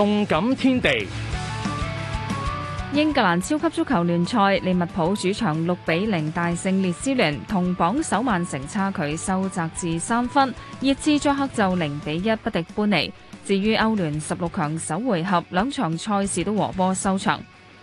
動感天地，英格蘭超級足球聯賽，利物浦主場六比零大勝列斯聯，同榜首曼城差距收窄至三分。熱刺作客就零比一不敵般尼。至於歐聯十六強首回合，兩場賽事都和波收場。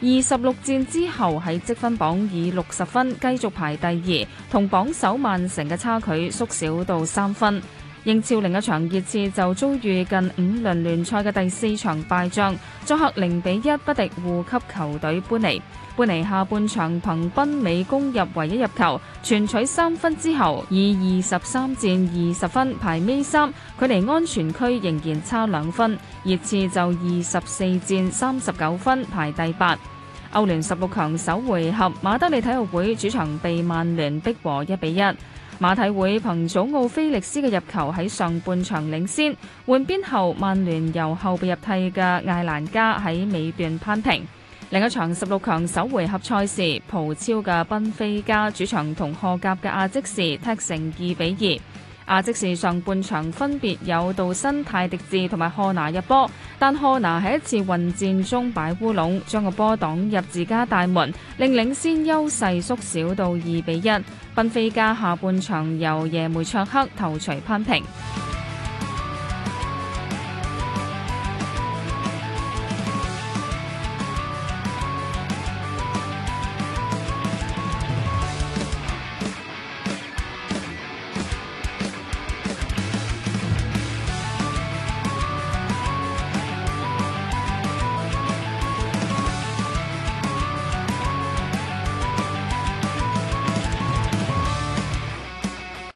二十六戰之後，喺積分榜以六十分繼續排第二，同榜首曼城嘅差距縮小到三分。英超另一場熱刺就遭遇近五輪聯賽嘅第四場敗仗，作客零比一不敵護級球隊般尼。般尼下半場憑賓美攻入唯一入球，全取三分之後，以二十三戰二十分排尾三，距離安全區仍然差兩分。熱刺就二十四戰三十九分排第八。歐聯十六強首回合，馬德里體育會主場被曼聯逼和一比一。馬體會憑祖奧菲歷斯嘅入球喺上半場領先，換邊後曼聯由後備入替嘅艾蘭加喺尾段扳平。另一場十六強首回合賽事，葡超嘅賓菲加主場同荷甲嘅阿積士踢成二比二。阿積士上半場分別有杜森、泰迪治同埋賀拿入波。但柯拿喺一次混戰中擺烏龍，將個波檔入自家大門，令領先優勢縮小到二比一。賓菲加下半場由耶梅卓克頭槌扳平。